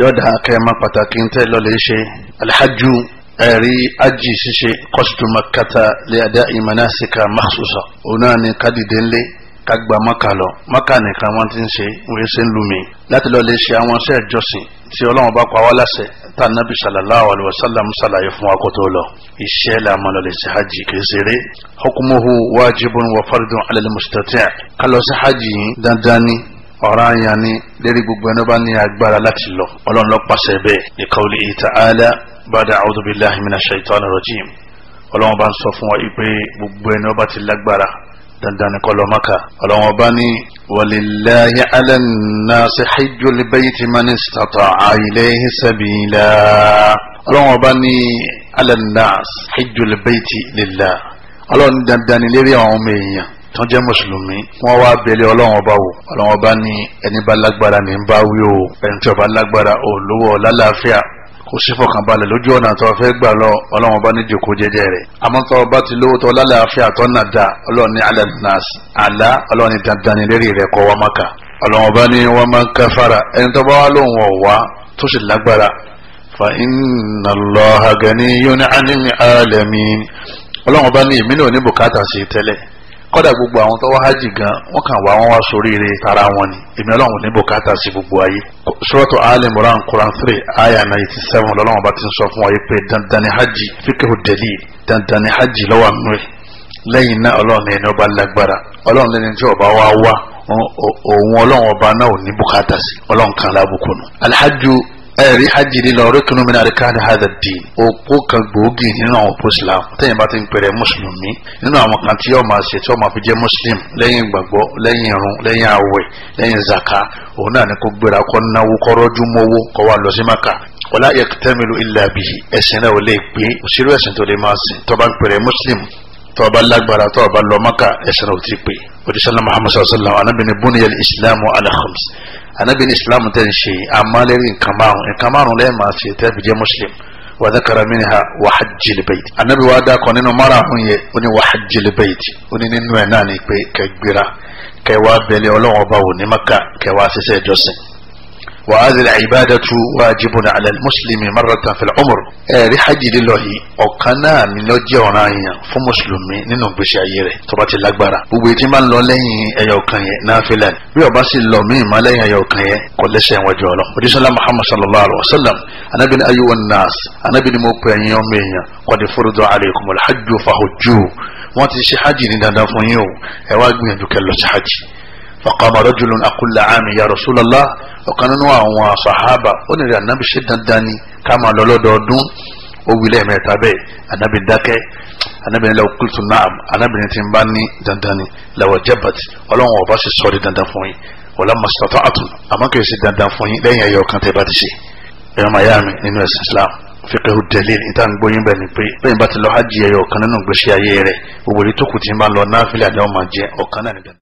yóò dà kẹ́ ẹ má pàtàkì ń tẹ́ lọ́lẹ̀ ṣe alhajju ẹ̀rí ají ṣíṣe kọ́sùtù makata lè adá ìmọ̀nàṣìkà maksusa òun náà ni kádìdé ńlẹ̀ kagbà maka lọ maka nìkan wọn ti ń ṣe wọn ṣe ń lu mi láti lọ lè ṣe àwọn iṣẹ́ ìjọsìn tí Ọlọ́run bá pa wá láṣẹ tá nàbì sallallahu alayhi wa sallam ṣàlàyé fún wa lọ iṣẹ́ la máa ṣe hajj kì í ṣeré hukumuhu wajibun wa fardun alal mustati' kálọ sí hajj yìí dandan ni ọ̀ràn àyàn ni lérí gbogbo ẹni bá ní agbára láti lọ ọlọ́run ló pàṣẹ bẹ́ẹ̀ ní kawli ta'ala ba'da a'udhu billahi minash shaitanir rajim ọlọ́run bá ń sọ fún wa pé gbogbo ẹni bá ti lágbára dandan ni kó lọ Mákà ọlọ́run bá ní walillahi 'alan nasi hijjul bayti man istata'a ilayhi sabila ọlọ́run ọlọ́run dandan ni lérí àwọn ọmọ èèyàn tó jẹ́ mùsùlùmí wọ́n wá bẹ̀lẹ̀ ọlọ́run ọba wò ọlọ́run ọba ní ẹni bá lágbára ní bá wí o ẹni tí ọba lágbára ò lówó lálàáfíà kò sí fọkànbalẹ̀ lójú ọ̀nà tó fẹ́ gbà lọ ọlọ́run ọba ní jòkó jẹjẹ rẹ̀ àmọ́ tó ọba ti lówó tó lálàáfíà tó nà dá ọlọ́run ní alẹ́ nàásì àlá ọlọ́run ní dandan ní lérí rẹ̀ kọ́ wá ọlọ́run ọba ní wọ́n kọ́dà gbogbo àwọn tó wá hajj gan wọ́n kàn wá wọ́n wá sóríire tara wọn ni èmi ọlọ́run ní bùkátà sí gbogbo ayé. suratu ali imran quran three aya ninety seven lọ́lọ́run bá ti ń sọ fún wa yìí pé dandan ni hajj fíkẹ́ ò dẹ̀lí dandan ni hajj lọ́wọ́ àánú lẹ́yìn náà ọlọ́run ẹni ọba lágbára ọlọ́run lẹ́ni tí ọba wa wá òun ọlọ́run ọba náà ò ní bùkátà sí ọlọ́run kan lábùkún alhajju ẹ̀rí hajj lílọ oríkìnnú mi náà rí káàdì hadha din òpó kan gbòógì nínú àwọn òpó islam tẹ́yìn bá ti ń pèrè mùsùlùmí nínú àwọn kan tí yóò máa ṣe tí yóò máa fi jẹ́ muslim lẹ́yìn ìgbàgbọ́ lẹ́yìn irun lẹ́yìn àwẹ̀ lẹ́yìn zaka òun náà ni kó gbéra kó náwó kó rọ́jú mọ́wó kó wá lọ sí maka wala yaktamilu illa bihi ẹ̀sìn náà ò lè pé òṣèré ẹ̀sìn tó lè máa anabi ní islam tẹ̀ ń ṣe àmọ́ lérí nǹkan márùn nǹkan márùn lẹ́yìn máa ṣe tẹ́ muslim wa dhakara minha wa hajjil bayt anabi wa da kan nínú márùn yẹ ó ní wa hajjil bayt ó ní nínú ẹ̀ náà ni pé kẹgbìrà kẹwàá bẹ̀lẹ̀ ọlọ́wọ́n ọba wò ní maka kẹwàá ṣiṣẹ́ ìjọsìn وهذه العبادة واجب على المسلم مرة في العمر ẹ̀rí hajj lílọ yìí ọ̀kan náà mi lọ jẹ́ ọ̀ràn yẹn fún mùsùlùmí nínú gbèsè ayé rẹ̀ tó bá ti lágbára gbogbo etí máa ń lọ lẹ́yìn ẹyọ kan yẹn náfìlà bí ọba sì lọ míì máa lẹ́yìn ẹyọ kan yẹn kò lẹ́sẹ̀ wọn jọ lọ. odisala muhammad sallallahu alaihi wa sallam anabi ni ayu wa nas anabi ni mo pe ẹyin ọmọ èèyàn qad furida alaykum al hajj fahujju wọn ti ṣe hajj ní dandan fún yín o ẹ wá gbìyànjú kẹ́ lọ sí hajj faqama rajulun akulla ami ya rasulallah ọ̀kan nínú àwọn sahaba ó nílẹ̀ anabi ṣe dandan ni ká máa lọ lọ́dọọdún ó wí lẹ́ẹ̀mẹ́ta bẹ́ẹ̀ anabi dákẹ́ anabi nílẹ̀ okultu naam anabi ní ti ń bá ní dandan ni làwọn jẹ́bàtì ọlọ́run ọba sì sọ di dandan fún yín wọlá masitata àtù àmọ́ kì í ṣe dandan fún yín lẹ́yìn ẹ̀yọ kan tẹ́ bá ti ṣe ẹ̀rọ mayami nínú ẹ̀sìn islam fiqhu dalil níta ń gbóyún bẹ́ẹ̀ ni pé bẹ́ẹ̀ bá ti lọ hajj ẹ̀yọ kan nínú ìgbésí ayé rẹ̀ òwòlé tó kù ti ń bá lọ náà fílẹ̀ àdáwọ̀ máa jẹ ọ̀kan náà nìkan.